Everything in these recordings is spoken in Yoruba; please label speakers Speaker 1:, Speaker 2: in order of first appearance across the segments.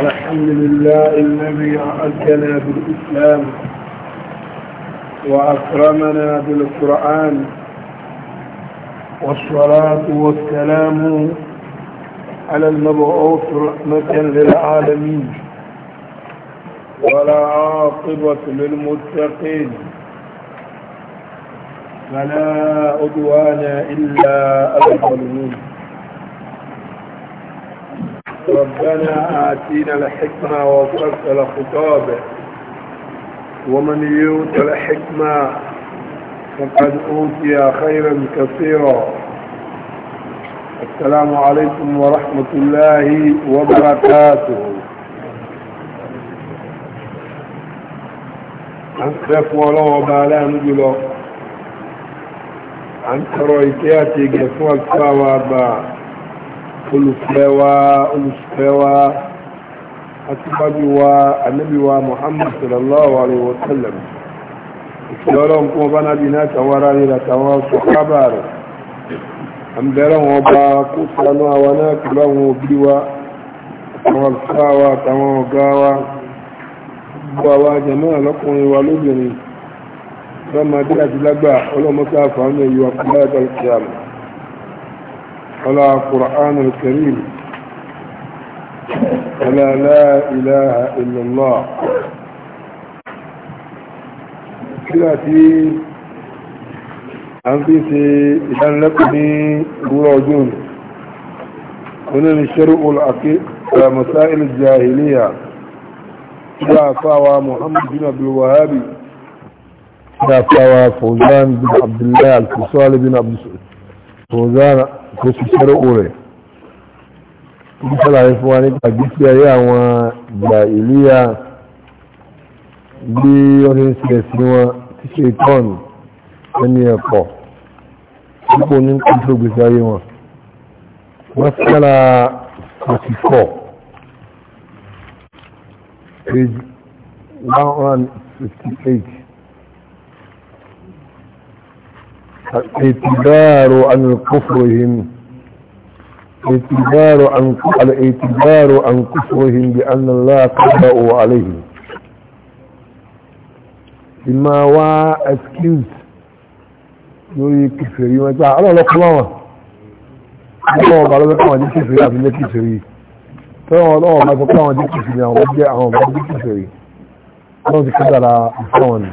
Speaker 1: الحمد لله الذي أعزنا بالإسلام وأكرمنا بالقرآن والصلاة والسلام على المبعوث رحمة للعالمين ولا عاقبة للمتقين فلا أدوان إلا الظالمين ربنا آتينا الحكمة وفصل خطابه ومن يؤت الحكمة فقد أوتي خيرا كثيرا السلام عليكم ورحمة الله وبركاته أنكرف ولو بالا نجلو أنكروا إتياتي قفوا الكوابا olùfẹ́wà olùfẹ́wà atúbájúwà anábíwà muhammad sallallahu alaihi wasallam ìfẹ́lọ́rọ̀ nǹkan bá nábi náà tàwọn ará rẹ̀ àtàwọn sọ̀kábà rẹ̀ an bẹ̀rẹ̀ wọn bá kó sánú àwọn náà pẹ̀lú àwọn òbí wa àtàwọn alfáwa àtàwọn ọ̀gá wa gbogbo àwa jẹ̀mọ́ àlọ́kùnrin wa lóbìnrin lọ́mọdé àti lágbà ọlọ́mọ́ká àfàánú ìyọ̀ àkùnrin àtàlùkì àmì ولا قرآن الكريم ولا لا إله إلا الله كلاتي أنفسي إذن لكني براجون هنا الشرع العقيد مسائل الجاهلية فاوى محمد بن عبد الوهاب فاوى فوزان بن عبد الله الفصال بن عبد فوزان kó sì sẹ́rọ̀ ó rẹ̀ ní sàlàyé fún wa nípa gbígbé ayé àwọn ìgbà ìlúyà bí wọ́n ti ń ṣe ẹ̀sìn wọn ti ṣe tọ́ọ̀nù ẹni ẹ̀kọ́ nípa oní kótó gbèsè ayé wọn wọ́n sára 44 page 158 الاعتبار عن كفرهم الاعتبار عن الاعتبار عن كفرهم بأن الله قضاء عليهم بما وا اسكيز يوري كفري ما جاء الله لقمه الله قال لك ما دي كفري ابن كفري ترى الله ما فكر ما دي كفري يا رب يا رب دي كفري الله ذكر على الفون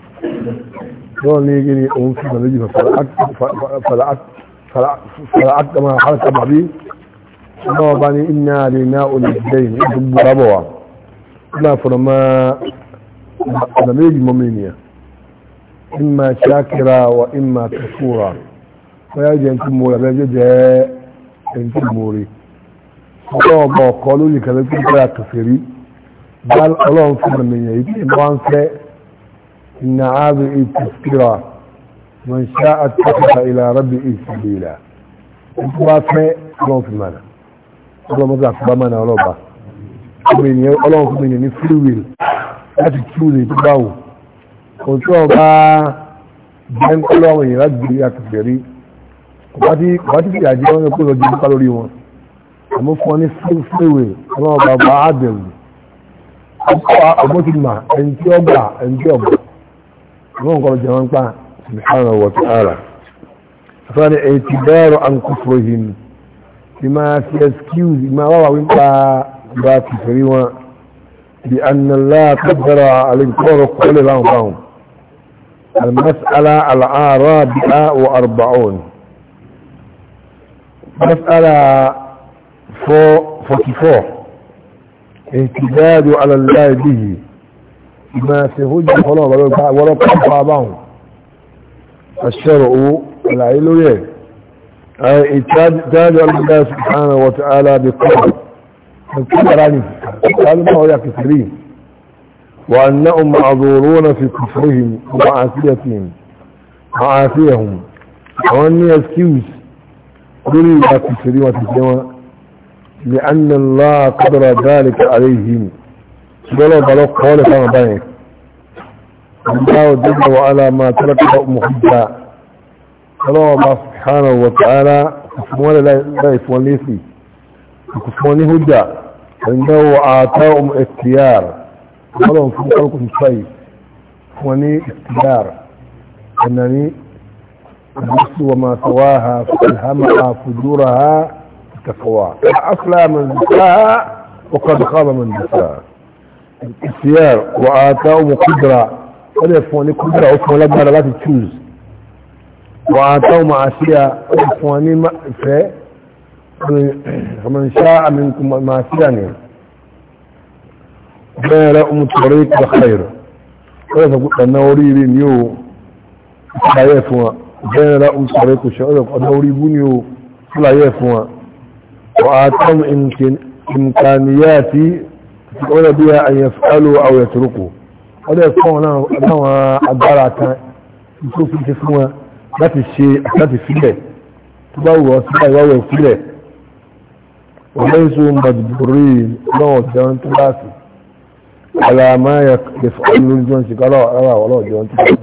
Speaker 1: lọ́wọ́ ní gíní òun fi mẹ́lẹ́jì fara'at da máa harka bàbí lọ́wọ́ bá ní iná rí náà olùdíjẹ́ yìí gbogbo rabawa ina fura ma da méjì mọ́mìniya imma shakira wa imma kafura wọ́n yá jẹ́ ń tún mọ́ra bẹ́ẹ̀ jẹ́ ń tún mọ́rí lọ́wọ́ bá ọkọ̀ lórí kẹlẹ́ tó kẹ́ra bá ọlọ́run fún mẹ́mìniya yìí kí n fẹ́ إن هذه تذكرة من شاء اتخذ إلى ربه سبيلا ìtúwàfẹ́ ọlọ́fìmọ̀nà ọlọ́mọdé àfibámọ́nà ọlọ́ba ọlọ́fìmọ̀nà ní free will láti túlè tó báwò kò tí ọba jẹ́ ń kọ́lọ́ àwọn èèyàn láti gbé àtìgbèrí ọba tí kìí àjẹ́ wọn kó lọ jù nípa lórí wọn àmọ́ fún ọ ní free will ọlọ́ọ̀ba ọba ádẹ̀lù ọgbọ́n ti mà ẹni tí ọgbà ẹni tí ọgbà àwọn kan jẹun pa subhanahu wa ta'ala afẹ́ni èyí bẹ́ẹ̀rọ an kufrihim ti máa fi excuse ma wà wí pa bá ti fẹ́rí wọn bí annalá kaddara alìkọ́rọ̀ kọ́lẹ̀ láwọn báwọn المسألة العرابعة وأربعون مسألة 44 اهتداد على الله به ما سيهود يقولون بلو تعالى ولو كفا بهم الشرع العلو يه اي اتاج الله سبحانه وتعالى بقول الكبراني قالوا ما هو يا كثيرين وأنهم معذورون في كفرهم ومعاسيتهم معاسيهم وأني أسكيوز قولي يا كثيرين وتسلموا لأن الله قدر ذلك عليهم ولا بلوك قول فما بين الله جل وعلا ما ترك محبا الله سبحانه وتعالى كفوان لا يفوان في كفوان هدى عنده آتاهم اختيار قالوا في قلقكم كفوان كفواني اختيار أنني النفس وما سواها فألهمها فجورها تقوى أصلا من دساها وقد خاب من دساها الاختيار واعطاهم قدرة قد يفواني قدرة أفوان لا لا تتشوز وآتاهم عاسية أفواني ما فيه فمن شاء منكم ما سياني وكان لا أم تريك بخير قد يقول أن أوري بنيو لا يفوان وكان لا أم تريك الشعور قد أوري بنيو لا يفوان وآتاهم إمكانياتي wọ́n bí i yaf'alu aw yatruku wọ́n dẹ̀ fún wọn láwọn agbára kan tó fi ti fún wọn láti ṣe àti sílẹ̀ tó bá wọ̀ sí àìwá wẹ̀ sílẹ̀ wọ́n lẹ́yìn tó ń lọ́wọ́ jẹun tó bá sí alama yaf'alu lórí jọ sí kọ́lọ́ ara wọ́lọ́ jẹun tó bá sí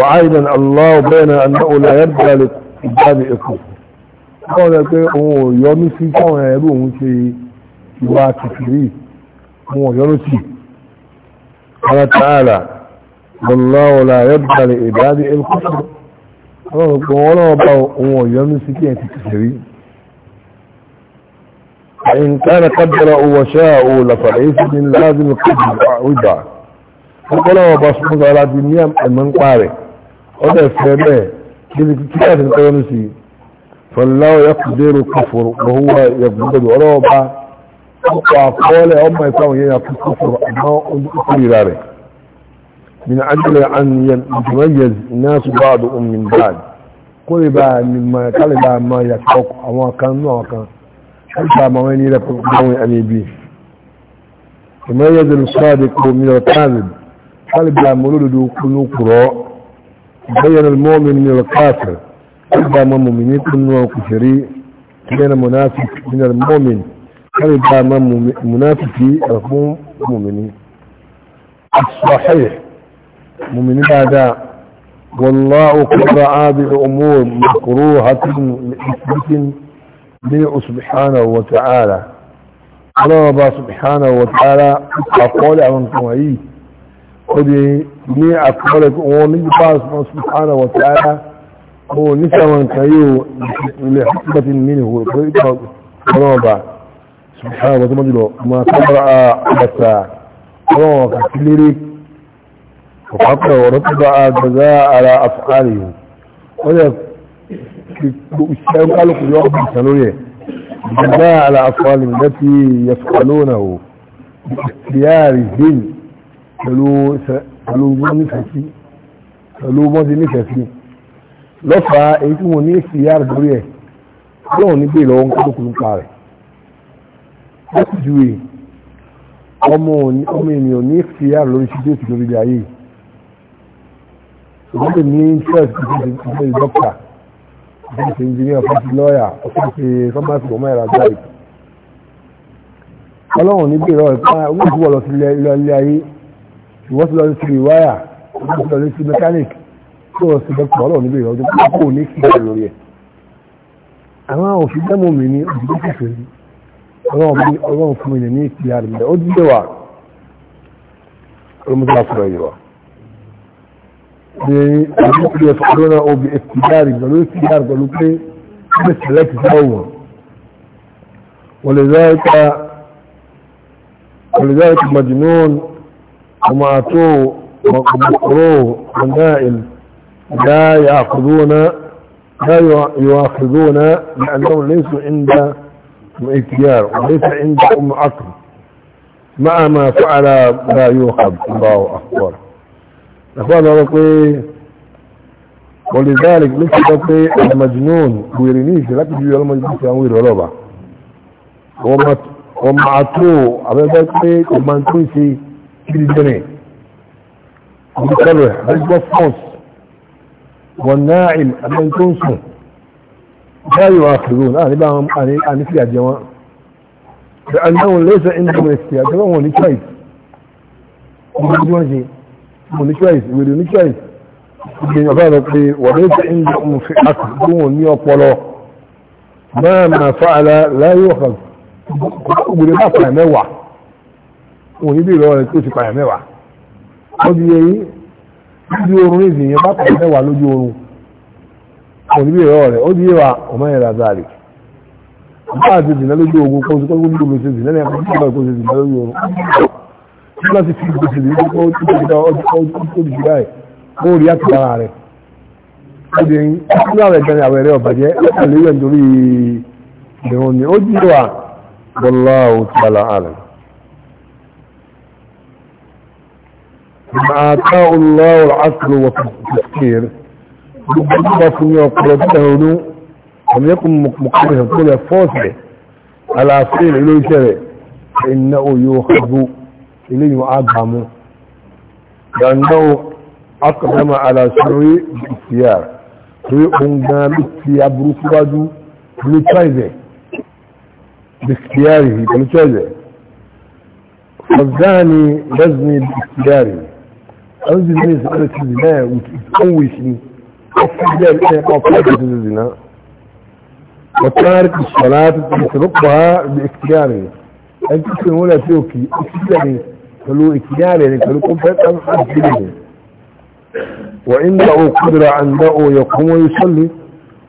Speaker 1: وعيدا الله بين أنه لا يرجع لإجابة إخوة قال لك أمو يومي في كون يبو مشي ìwà kìfìrí wọn yọ́nú sí ara tààlà wọláwọlá yọ́bùtàlẹ̀ ìdádi ẹlkùsù wọn ọlọ́ọ̀bá wọn yọ́nú sí kí ẹ ti kìfìrí فإن كان قدر وشاء لفليس من لازم القدر عبا فقال وبصمد على دنيا من قارئ
Speaker 2: ọdẹ fẹ́ bẹ́ẹ̀
Speaker 1: kí ni kí á ti ń kọ́ yọ́nú sí فالله يقدر الكفر وهو يقدر ọlọ́ọ̀bá ọkọ̀ àkọọ́lẹ̀ ọmọ ẹ̀kọ́ àwọn yẹn àti kúkúrú àmọ́ olùkúrìra rẹ̀ min ajiyar an yamayyaz nasu ba da umin um bad kó lè bá ma kálẹ̀ bá ma yàtọ̀ àwọn kan ní àwọn kan ṣe ta ma wani rẹ̀ gbọ́wọ́n ẹni bí yamayyaz al-sadiq ko min al-kazib kálẹ̀ bá ma olódodo kunu kúrọ́ bayyana al-mu'min min al-kafir kálẹ̀ ma mu'mini kunu kufiri bayyana munafiq min al-mu'min kare dama munafiki a fún mumini as-sahih mumini dada wallahu qada'a bi umur makruhatin isbitin bi subhanahu wa ta'ala Allah ba subhanahu wa ta'ala akwai àwọn kuma yi ko de ni akwai ko wani ba subhanahu wa ta'ala ko ni sawan kayo li hikmatin minhu ko ba سبحانه وتعالى ما تبرع أبسا روك كليريك وحقه ورتبع جزاء على أفعاله وذا الشيء قالوا في يوم بسنوية جزاء على أفعالهم التي يفعلونه باختيارهم قالوا قالوا ما نفسي قالوا ما نفسي لفا إيكم وني اختيار بريه قالوا نبي لهم قدوا كلهم قارئ lọ́sídùú yìí ọmọ ènìyàn ní fìyà lórí ṣíṣe òsì lórí ayé ìgbésẹ̀ ní interest ìgbésẹ̀ ìgbésẹ̀ dọ́kítà ìgbésẹ̀ engineer fásitì lọ́ọ̀yà ọ̀fíìsì fámásì ọmọ ẹ̀rọ ajá yìí ọlọ́run ní bèrè ọ̀pá owó ìfowó lọ sí ilé ayé ìwọ́n ti lọ sí rìwáyà ìwọ́n ti lọ sí mechanic tí wọ́n sì dọ́kítà ọlọ́run ní bèrè ọjọ́ pé kò ní kí ẹ lórí ẹ̀ àwọn òfin dẹ́mọ̀ mi ní òfin tó kẹfẹ́ yìí أغامي أغامي فمي نيك يار اللي أود دواء المدافر أيوة بمقل يفعلون أو بإفتدار قلوك يار قلوك بس لك زوا ولذلك ولذلك مجنون وما أتوه ومقروه ونائل لا يأخذون لا يواخذون لأنهم ليسوا عند اختيار وليس عندهم عقل مع ما فعل لا يوقب الله أكبر أخوانا رقي ولذلك مثل رقي المجنون ويرينيش لك جوي المجنون ينوير ولوبا ومع تو عبد ذلك ومن تنسي في الجنة ومكرح هل والناعم ان تنسي báyìí wà kìrún náà nígbà wọn a ní fìyà jẹ wọn da annáwọn lẹ́sẹ̀ indemnity àti wọn wọn ní choice ọmọ ìdí wọn ṣe wọn ní choice ìwèrè ní choice ìgbìyàn ọba rẹ pé wọ́n lẹ́sẹ̀ indemnity fi àkù tó wọn ní ọpọlọ máa ma fa ala láyé ọ̀fà ògbèrè bá pààyà mẹ́wàá wọn ní bí ìrọ̀ rẹ̀ tó ti pààyà mẹ́wàá wọ́n ti yẹ lójú oorun ìsìn yẹn bá pààyà mẹ́wàá lójú oorun òníbí ẹ̀rọ rẹ̀ ó di yíwa ọmọ ẹ̀rọ àzáàrí bá àti ìdìnà lójú ogun kó sọ́kọ́ gbogbo mi ṣe ìdìnà ní ẹ̀kọ́ ìgbà ìkó ṣe ìdìnà lójú ogun tí wọ́n ti fi gbèsè lè ní kó tó ti dá ọdún tó ti dá ẹ̀
Speaker 2: kó rí àti ara
Speaker 1: rẹ̀ ó di ẹyin nínú àwọn ẹ̀gbẹ́ àwọn ẹ̀rẹ́ ọ̀bàjẹ́ àléwẹ̀ nítorí ìrún ni ó di yíwa bọ́lá ò ti ala àlẹ́ ما آتاه الله العقل والتفكير
Speaker 2: gbogbo ọdún bá fún ní ọpọlọ tó
Speaker 1: tẹ̀rọ ní ọmọdékùn mọ̀kànlẹ̀ tó lẹ fọ́ọ̀sì rẹ̀ aláàfin rẹ̀ ló iṣẹ́ rẹ̀ iná oyó ọ̀hún ilé yóò ágbàmú dandáwó akọ̀dẹ́mà aláṣẹ́rí bcr rí ohun gan ló ti aburú síwájú ló tẹ́ẹ̀zẹ̀ bcr yìí pẹ̀lú tẹ́ẹ̀zẹ̀ fọ̀gáàni lẹ́sìn bcr ẹ̀rọ ti ní ìsìnkú ti wùtí ó wù ni
Speaker 2: وتارك الصلاة
Speaker 1: تسرقها باكتياره أنت تسرق ولا تيوكي اكتياري فلو اكتياري يعني قالوا كم فاتح أسجده وإن دعوا قدر عنده يقوم ويصلي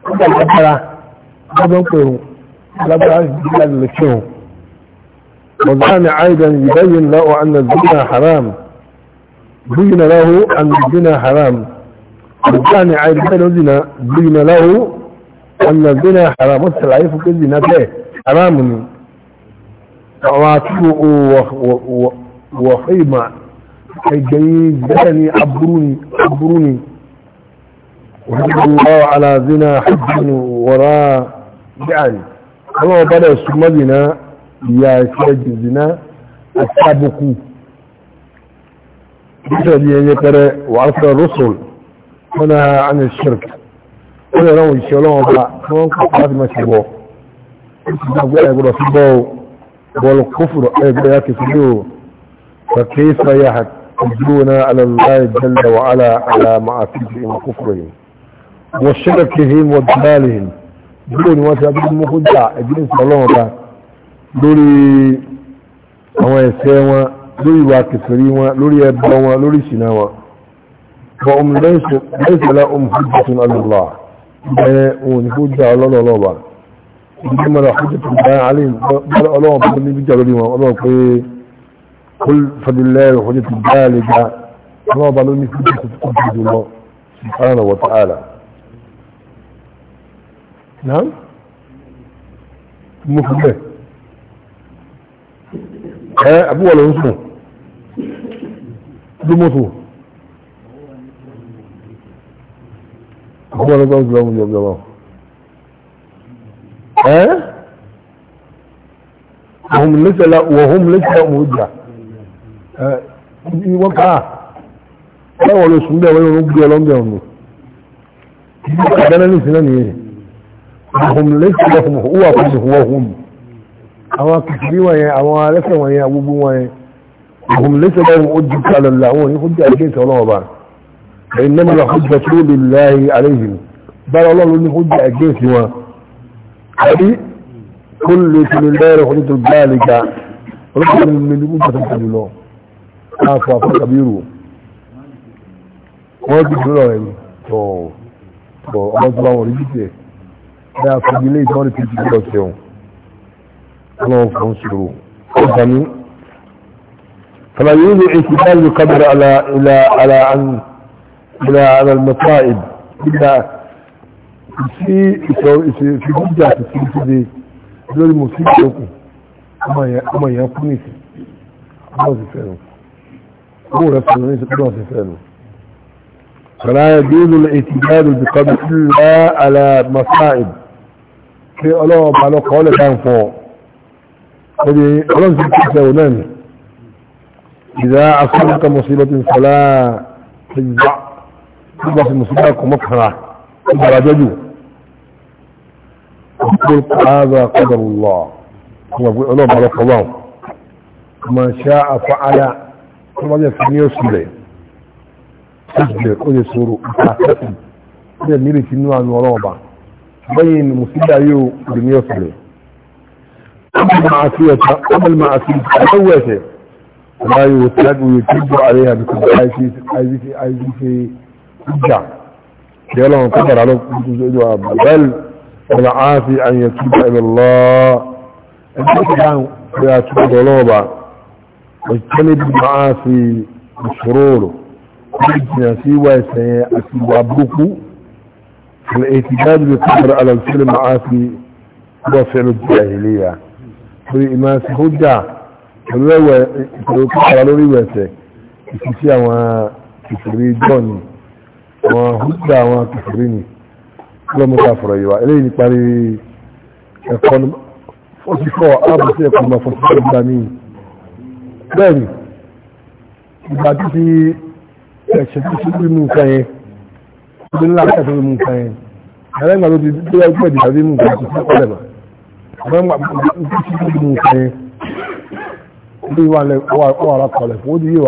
Speaker 2: قد الأبرة
Speaker 1: قد انقروا الأبرة جلال لكيه وزعنا عيدا يبين له أن الزنا حرام بين له أن الزنا حرام وكان عيبتين وزنا بين له أن الزنا حرام والسلعيف كالزنا فيه حرام وعاتبه وخيمة الجيد بني عبروني عبروني وحب الله على زنا حد وراء يعني الله بدأ ثم زنا يا سيد الزنا السابق بسرد يترى وعصر الرسل ونهى عن الشرك ولا لو يشلون بقى كمان قد ما شبوه يقول سبوه والكفر يقول يكفروا فكيف يحتجون على الله جل وعلا على معاصيهم وكفرهم وشركهم وضلالهم دون وسبب مخدع ابن سلام بقى لوري هو يسوى لوري واكفرين لوري يبوا لوري شناوا فهم ليس ليس لهم حجة على الله ونفوج على الله الله إنما لا حجة الله عليهم بل الله بل بجعل الإمام الله قل قل فلله الحجة البالغة الله بل نفوج حجة الله سبحانه وتعالى نعم مفهوم ها أبوه ولا أسمه دموته ọmọ ọlọ́gbà ń gbọ́n yọ gbọ́n ẹ́ wọ́n lẹ́sẹ̀lá òun jà ẹ́ wọ́n káà ẹwọ̀n ló sùn bẹ́ẹ̀ wọ́n yóò gbé ọlọ́gbà ọ̀nà ìgbẹ́nà ní ìsinmi nìyẹn wọ́n lẹ́sẹ̀lá òun wà fún ìwọ̀ òun àwọn kìkìrí wọ̀nyẹn àwọn alẹ́sẹ̀ wọ̀nyẹn agbógbó wọ̀nyẹn wọ́n فإنما الحجة لله عليهم بل الله لن حجة أجيسوا أي كل لله حجة البالغة رب من أمة الحجلون عفوا فكبيروا wọ́n ti dúró rẹ̀ tọ̀ tọ̀ ọmọ tó bá wọn rí jíjẹ ní àfihàn ilé ìtọ́ ní fíjì lọ sẹ́wọ̀n ọlọ́run إلى على المصائب إلا في في جدة في سيدي دول المصيبة يكون أما يكون في سيفعله هو رسول في سيفعله فلا يجوز الاعتداد بقدر الله على مصائب في الله على قول كان فوق ودي خلاص كده إذا أصابك مصيبة فلا تجزع nígbà tí mùsùlùmí kò mọ́ fara nígbà àjọjù ọ̀pọ̀ káàdà kọ́dọ̀rù lọ ọ̀pọ̀ ọlọ́ọ̀bà lọ́kọ̀ọ́lọ́ ma ṣá àfọ́ ara tó wáyé fún ní oṣù rẹ̀ ṣíṣẹ́ ó lè sọ̀rọ̀ àtàkì ó lè nílè tí níwà ní ọlọ́ọ̀bà bẹ́yìn ni mùsùlùmí yóò rí ní oṣù rẹ̀
Speaker 2: أمل معصيتها أمل معصيتها أول
Speaker 1: شيء لا يتلقى ويتلقى عليها بكل عايزي عايزي عايزي ìjà kí ọlọ́run kó dára ló kú tó sójú àbúrẹ́lì ọ̀la áàfi àyẹ̀ tó bá ilẹ̀ lọ ẹgbẹ́ tó bá ń pè àtúntò ọlọ́ọ̀bà òṣìṣẹ́ níbi máa fi ìṣòro rò ní ìjìnà sí ìwà ẹ̀sẹ̀ àti ìwà burúkú الاعتداد بالقدر على الفعل المعاصي هو فعل الجاهلية في إماس جوني wọn húdà àwọn kìfìrí ni lọ́mọdà fọ̀rọ̀ yìí wá eléyìí ní parí ẹ̀kọ́ 44 ààbò sí ẹ̀kọ́ ma 44 gbà ní bẹ́ẹ̀ni ìgbà tí ti ẹ̀ṣẹ̀ tó ṣe bí mú nǹkan yẹn tó ní láti ẹ̀ṣẹ̀ mú nǹkan yẹn ẹ̀rẹ́ ìgbà tó ti tó yẹ pẹ̀lú ìgbà tí mú nǹkan yẹn tó fẹ́ pẹ̀lẹ̀ mà àwọn ìgbà tó ti mú nǹkan yẹn ó bí wà lẹ́kọ̀ọ́lẹ̀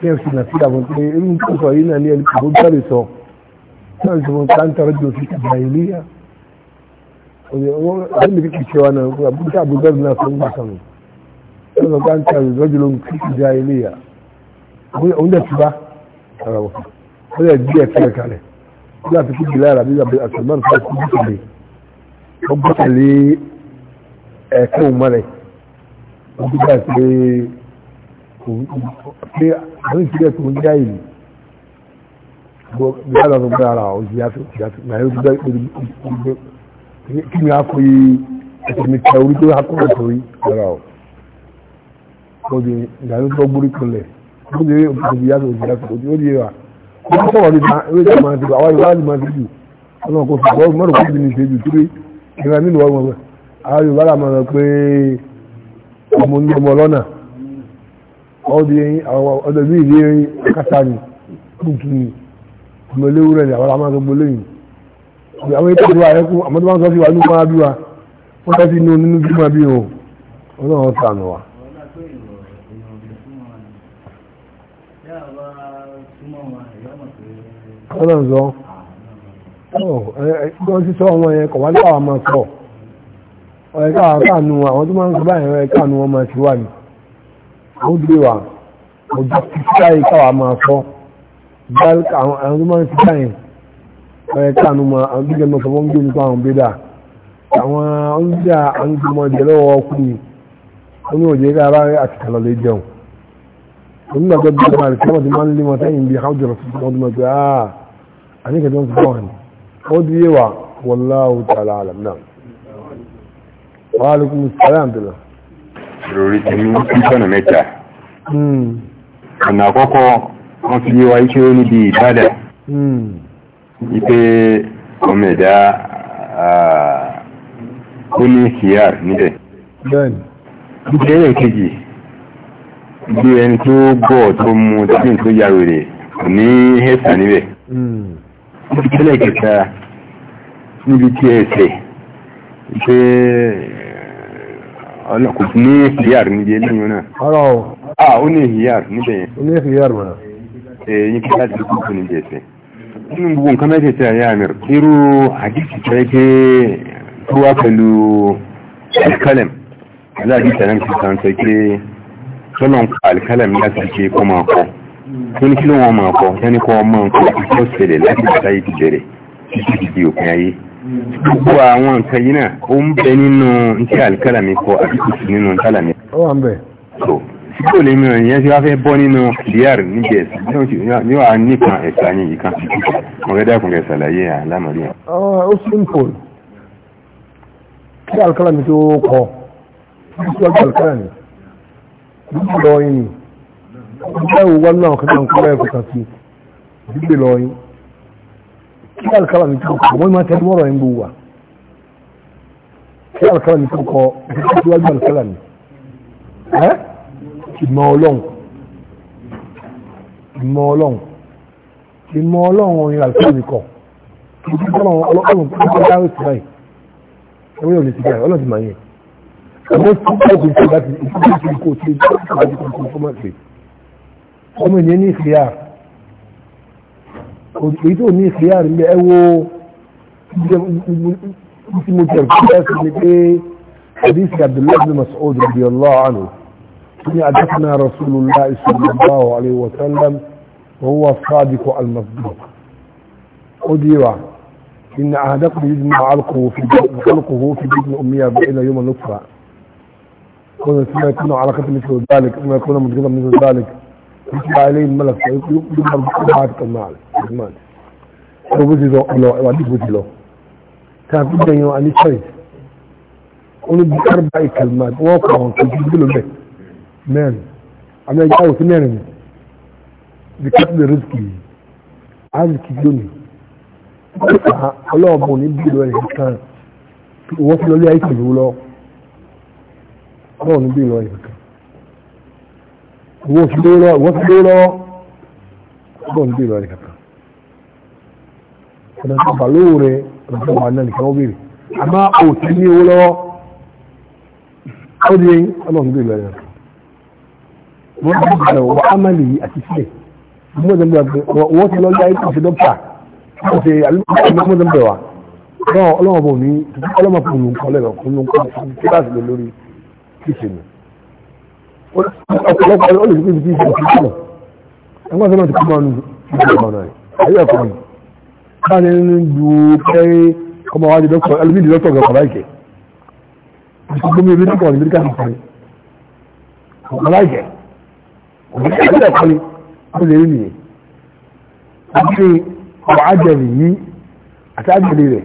Speaker 1: kí ẹ sì nà sí àwọn pé irú tó sọ yìí náà ní ẹni kò bá lè sọ náà ní sọ táǹtà rẹ́díò sí ìgbà ìlú yá ọ̀rẹ́ mi kìkì ṣe wa náà kó àbúrò tí àbúrò bẹ́ẹ̀ náà sọ ń gbà kan náà sọ táǹtà rẹ́díò ló ń kí ìgbà ìlú yá òun dẹ̀ ti bá ara wọ̀ ó yẹ díẹ̀ kẹrẹ kalẹ̀ bí a ti kí bìlá ara bí àtàlmán fún ẹ̀kọ́ kò pé àwọn ìpínlẹ̀ tó ń já ìlú bí wọ́n lọ́nà gbé ara ọ̀ ìyá tó ìyá tó náà yóò gbé gbé kí ni a kò yí ẹ̀sẹ̀ a kò rẹ̀ torí ara ọ̀ ó di ìyá tó tó gbórí kanlẹ̀ ó di ìyá tó ìyá tó ó di ìyá tó ó sọ̀rọ̀ nípa ewé tó máa ti bọ̀ àwọn ìwádìí máa ti jù ọlọ́run kò fi bọ́ọ̀lù mọ́rùn kó bí ní ìṣẹ́jú torí ìrìnàmínú ọmọ àwọn ọdún yẹn ọdún bí ìlú yẹn kásá ni ni ọmọléwúrẹ́ ni àwọn amáṣọ gbólé yìí àwọn ètò ìdúrà rẹ kú àmọ́ tó máa ń sọ sí o ọlọ́run sànù wa. ọlọ́run sọ ọ̀hún sísọ wọn yẹn kọ̀ wá ní àwọn máa sọ àwọn tó máa ń sọ báyìí ọ̀ẹ̀ká àánú wọn máa wà ní ó gbé wa ọjọ́ ti sáyé káwa máa sọ báyìí àwọn àwọn ọmọ ti sáyé ọ̀rẹ́ káànú ma àwọn gbígbẹ́ náà sọ wọ́n gbé nípa àwọn bẹ́dà àwọn oúnjẹ àwọn ti mọ ìjẹ́ lọ́wọ́ ọkùnrin ó ní òjò ká ara àti kàlọ́ lè jẹun onígbàgbọ́ bí wọ́n àti kọ́mọ̀tì máa ń lé wọn sẹ́yìn bí i hajjọ́rọ̀ sí ọmọ ọdún mọ́tò àà àníkẹ́ tó ń sọ wọn ó di yé wa wallahu ta'ala alam náà wa alaikum salaam àǹtẹ̀lẹ̀
Speaker 2: ìròrí ti mú sí sọ́nà mẹ́ta ọ̀nà àkọ́kọ́ wọ́n fi yé wa ike ó níbi ìbádà ipe ọmọ ẹ̀dá ó ní kìíyàr níbẹ̀ ibi ẹ̀rẹ̀ kejì bí ẹni tó bọ̀ tó mú tàbí tó yà rèrè kò ní hẹ́sà níbẹ̀ ibi tẹ́lẹ̀ kẹta níbi tí ẹ̀sẹ̀ ọ̀nà kò ní hiyar níbi eléyìn náà. ọ̀rọ̀ o. a ó ní hiyar ni yẹn. ó ní hiyar mọ̀. ẹ̀yin kí láti kú kú níbi ẹ̀sẹ̀. nínú gbogbo nǹkan mẹ́tẹ̀ tí a yá mi irú àdìsí tó yẹ pé tó wá pẹ̀lú alkalem aláàdì tẹ̀lẹ́m ti sàn sọ pé tọ́lọ̀ ń kọ alkalem láti ṣe kó máa kọ. tó ní kí ló wọn máa kọ yẹn ni kó wọn máa kọ ìfọ́sẹ̀lẹ̀ láti ìgbà gbogbo àwọn nǹkan yìí náà ó ń bẹ nínú iṣẹ́ àlìkálàmì kọ àbíkù sí nínú kálàmì. ó wà ń bẹ̀. so sípò lè mìíràn ìyẹn tí wọ́n fẹ́ bọ́ nínú dr níbi ẹ̀sìn ní wàá nípa ẹ̀sà yìí kan mo fẹ́ dákun kẹ́ ṣàlàyé àlámọ̀rí ẹ̀.
Speaker 1: ó simple kí àlìkálàmì tó kọ kí wọ́n gbé àlìkálàmì nígbà lọ́yìn ni ọjọ́ ìwọ́n náà kọ́kọ́ ń kọ́ ẹ̀kọ́ kan sí lọ́yìn kí alkala mi tó kọ wọ́n máa tẹ́lú mọ́rọ̀ ẹ̀ ń bú wa kí alkala mi tó kọ ìdíkọ́ síwájú alkala mi ẹ́ ìmọ̀ ọlọ́run ìmọ̀ ọlọ́run ìmọ̀ ọlọ́run orin alkala mi kọ ìdíkọ́ ọlọ́run tó kọ́ dáwé sí báyìí ẹ̀wọ́n yóò lè ti báyìí ọlọ́run ti máa yẹ àwọn tó kọ́ kò sí láti ìdíkọ́ kò sí láti ìdíkọ́ kò sí ọmọ ìyẹn ní ìfìyà èyí tó ní ìfìyà rí lé ẹwọ́ tí mo jẹ́ ìfìyàsí ni ifiya مش le ewo ti حديث عبد الله بن مسعود رضي الله عنه اني عدتنا رسول الله صلى الله عليه وسلم وهو الصادق المصدوق أديوا إن عهدكم يجمع علقه في خلقه في بطن أمية إلى يوم النطفة كنا يكون علاقة مثل ذلك كنا يكون مجرد مثل ذلك يطلع عليه الملك يقدم بعد كمال كمال أو بزيزو الله وعدي بزيزو كان في دنيا علي شيء قولوا بأربع كلمات وقعهم كجبلوا به مان أنا جاو ثمانين بكتب رزقي عزك الدنيا الله أبوني بيلو الحكام وصلوا لي أي كجولو الله أبوني بيلو أي حكام owó fúlé lọ owó fúlé lọ ọgbọ́n ń bèèrè rẹ̀ kankan ọ̀nà tó bà lówó rẹ̀ ọ̀nà tó bà náà nìkan ó bèèrè àmọ́ òtí ní owó lọ́wọ́ ó di ọ̀nà ń bèèrè rẹ̀ wọ́n ti bẹ̀rẹ̀ wọ́n amálì àti sílẹ̀ wọ́n ti lọ láyé kò sí dókítà wọ́n ti ọ̀pọ̀lọpọ̀ olùdókòwò ti ṣe ìṣẹ̀lẹ̀ ẹgbẹ́ sọ́nà ti kúmọ̀ ọ̀nù ìṣẹ̀lẹ̀ ọ̀nà rẹ̀ ayé ẹ̀kọ́ ni báyìí nínú ju pé ọmọ wa di dọ́kọ̀ ẹlòmíì di dọ́kọ̀ ọ̀gá láìkẹ́ ìṣègbè mi dọ́kọ̀ ní mídíkà nìkan ọ̀gá láìkẹ́ ọ̀gá ẹ̀kọ́ ni ó lè rí nìyẹn àti ọ̀gá àjẹrì yìí àti àjẹrì rẹ̀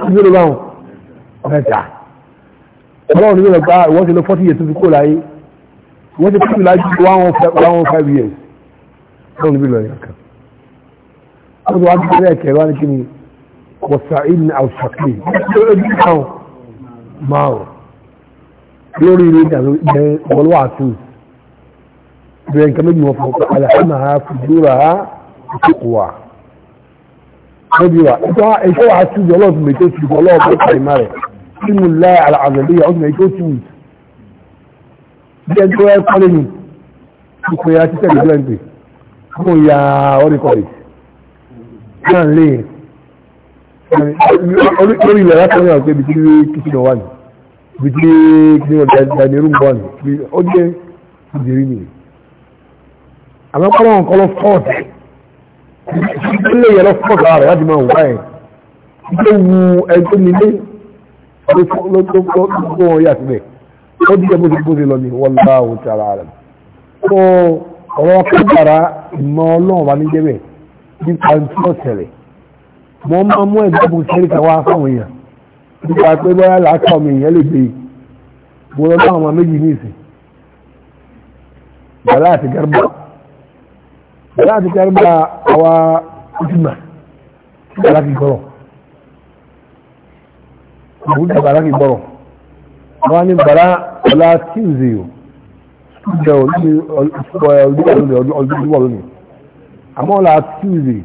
Speaker 1: ó ti dúró báwọn ọ̀gá ẹ̀ta ọlọ́run nígbà ìwọ́n ti lọ fọ́tí yẹn tó fi kó láyé wọ́n ti kúrò láti one one five years wọ́n níbi lọ́yìn kan wọ́n ti wá kí ẹ̀rẹ́ ẹ̀kẹ́ wọ́n ní kí ni wọ́sàáìd ní àwùsàkì lórí kan márùn lórí ilé ìdàgbẹ́ wọlúwà tó bẹ̀rẹ̀ nǹkan méjì wọn fún ọkọ̀ àlàáfíà ha fìdúrà ha ìkókò wa lórí wa ẹ̀ṣọ́ wa tún jọ ọlọ́ọ̀tún mẹ́tò ọlọ́ọ̀tún kàìmá rẹ̀ kí láyà àlàáfíà ọdún mẹ́tò bí ẹjọ́ ẹ kọ́lé ni ìpè ya títẹ̀ ìjọ ẹ̀ ń pè fún ìyá oríkọ̀rì náà lè lórí ilẹ̀ láti ọ̀yàn pé bìtí kìtìnà wà ní bìtí kìtìnà dàní rúm wà ní ó jẹ́ ìdírí ni àwọn kọ́lọ́ kọ́lọ́ fọ́ọ̀tì ilé yẹn lọ fọ́ọ̀tì ara rẹ̀ láti máa wá ẹ̀ ilé wu ẹgbẹ́ nílé ló fọ́ ló yà síbẹ̀ ó díjẹ bó ti gbóde lọ ní wallahu ta'ala alam tó ọ̀rọ̀ kágbára ìmọ̀ ọlọ́run wa níjẹ́ bẹ̀ nípa tí ó ṣẹlẹ̀ mọ́ máa mú ẹ̀dá bó ṣẹlẹ̀ kan wá fáwọn èèyàn nípa pé bóyá làákà ọmọ èèyàn lè gbé mo lọ bá àwọn méjì ní ìsìn bàlá àti garba bàlá àti garba àwa ìtumà bàlá kì gbọ́rọ̀ òun dàbàlá kì gbọ́rọ̀ wọ́n ní bàrá ọlá tíìzì o ṣùgbọ́n olúwà lónìí àmọ́ ọlá tíìzì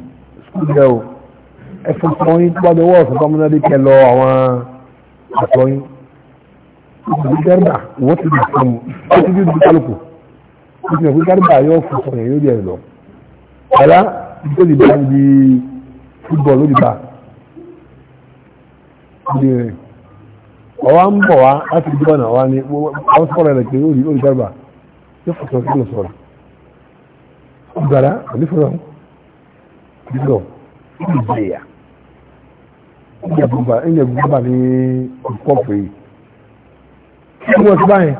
Speaker 1: ṣùgbọ́n o ẹfún fún yín tó bá dọwọ́ ọ̀sán tó múnádé kẹ lọ àwọn àtọ́yìn ìgbìyànjú gẹ́rìbà wọ́n ti dùn fún un títí dùn kálukú ó ti mọ̀ pé yóò fún fún yóò di ẹ̀rọ ọ̀la ìgbẹ́ ìdìbò di fútbọ̀ọ̀lù ìdìbà ọwá ń bọ̀ wá láti dúbọ̀ náà wá ní wọ́n sọ̀rọ̀ rẹ̀ pé ó rí orí dábà yóò fọ̀tọ̀ sí lọ sọ̀rọ̀ ọgbàrá àdífọ̀rọ̀ dídọ̀ ìjẹyà ìjẹ bùbà ní ìpọ̀pù yìí kí wọ́n ti báyìí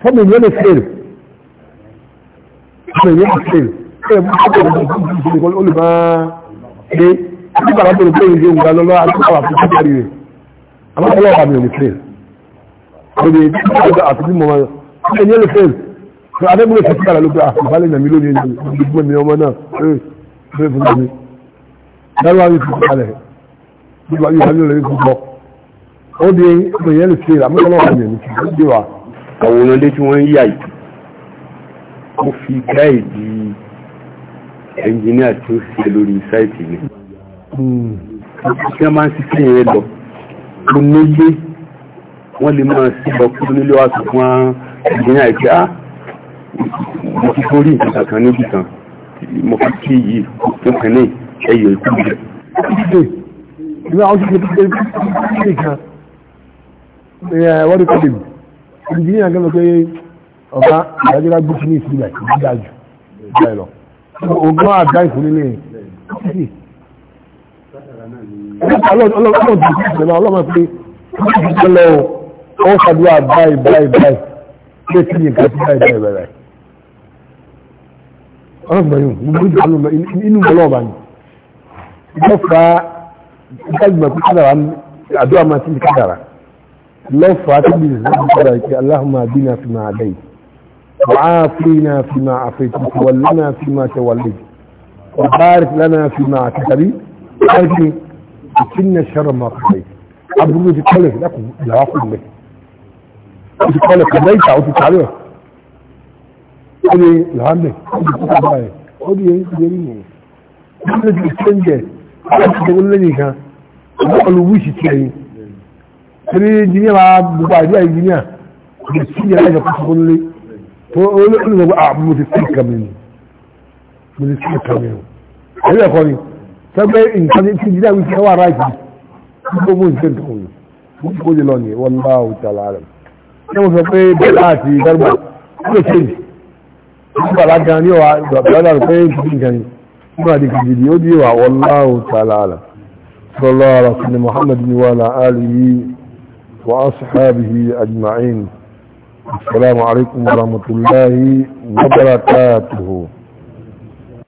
Speaker 1: fọ́mù ìyẹn lè fèrè fọ́mù ìyẹn lè fèrè ó yẹ lè máa nígbà tó lè pléyìn jẹun ga lọ́lọ́ àtúkọ̀wà fún kíkàrí rẹ̀ alákọ̀ọ́lọ́ àmì òní pléyìn òní kíkàrí àti bí mo máa ṣe ní ẹlẹ́fẹ́ rẹ̀ adébúlé fẹ́ kíkàrí ah, ló pé àbálẹ̀ ìnàmí lónìí ẹni ìdúgbò ní ọmọ náà rẹ̀ eh, fún mi dáríwá yóò fi kalẹ̀ nígbà yóò fi lórí fún bọ́ ó di ọmọ ìyẹn lè ṣe àmọ́kọ́lọ́ àmì òní
Speaker 2: kíkàrí wa. àwòrán dé tí wọ́n ń yà ṣe lórí sáìtì mi kí wọ́n máa ń ṣiṣẹ́ yẹn lọ kó nílé wọ́n lè máa ṣe lọ kó nílé wá sọ fún ẹgbẹ́ àìpẹ́ á mo ti fún rí nǹkan kan níbi kan mo fi kí yìí tó kàn ní ẹyọ ikú jẹ.
Speaker 1: ìwé àwọn òṣìṣẹ́ nípa ọlọ́mọdé ìṣẹ̀lẹ̀ ọlọ́mọ pé ìṣẹ̀lẹ̀ o ó ṣàdúrà báyìí báyìí báyìí pé kí ni nǹkan ti báyìí báyìí báyìí. ọlọ́gbọ̀nyún gbogbo ìjọ alóòmọ inú mọ́ lọ́ọ̀bà ni lọ́fà ìgbàgbọ́ pé kádàrà àdúrà máa ti kádàrà lọ́fà tó bí ìṣẹ̀lẹ̀ kádàrà kí aláhùnmá bí náà fi máa dẹ́yìí وعافينا فيما عافيت وتولنا فيما توليت وبارك لنا فيما اعتقدت ìtìnnà ṣẹ́rọ̀ máa kọ̀ yìí aburú ti kọ́lẹ̀ lẹ́kùn làwọn kò mẹ́ ó ti kọ́lẹ̀ kò mẹ́ta ó ti tààrẹ̀ ó lè làámẹ̀ ó ti kọ́kọ́ báyẹ̀ ó lè yẹrí yẹn ó lè ti ṣe ń jẹ láti ṣe wọlé lẹ́yìn kan ó lè wíṣì tiẹ̀ yìí torí ìjìnìyà máa gbogbo àìdíyà ìjìnìyà kò sí ìyá ẹ̀jẹ̀ kó fún lé tó ó lè sọ pé àmú ti sí ìkàmì ni mo ti sí ìkàmì ni ẹ̀rí sẹ́gbẹ́ nǹkan tí jíjá wípé ẹwà ráìtì gbogbo nǹkan tó kùn gbogbo jùlọ ní wọ́n bá òtà láàrẹ̀ ṣé mo sọ pé bẹ́ẹ̀ àti gbẹ́gbà ó lè ṣe nígbà lágan ní ọ̀wà ìgbàgbọ́dà pé kìí nǹkan ni nígbà tí kìí di ó di ìwà wọ́n bá òtà láàrẹ̀ sọlọ ara sí ni muhammad ni wà náà alihi wa ashabihi ajma'in assalamu alaikum wa rahmatullahi wa barakatuhu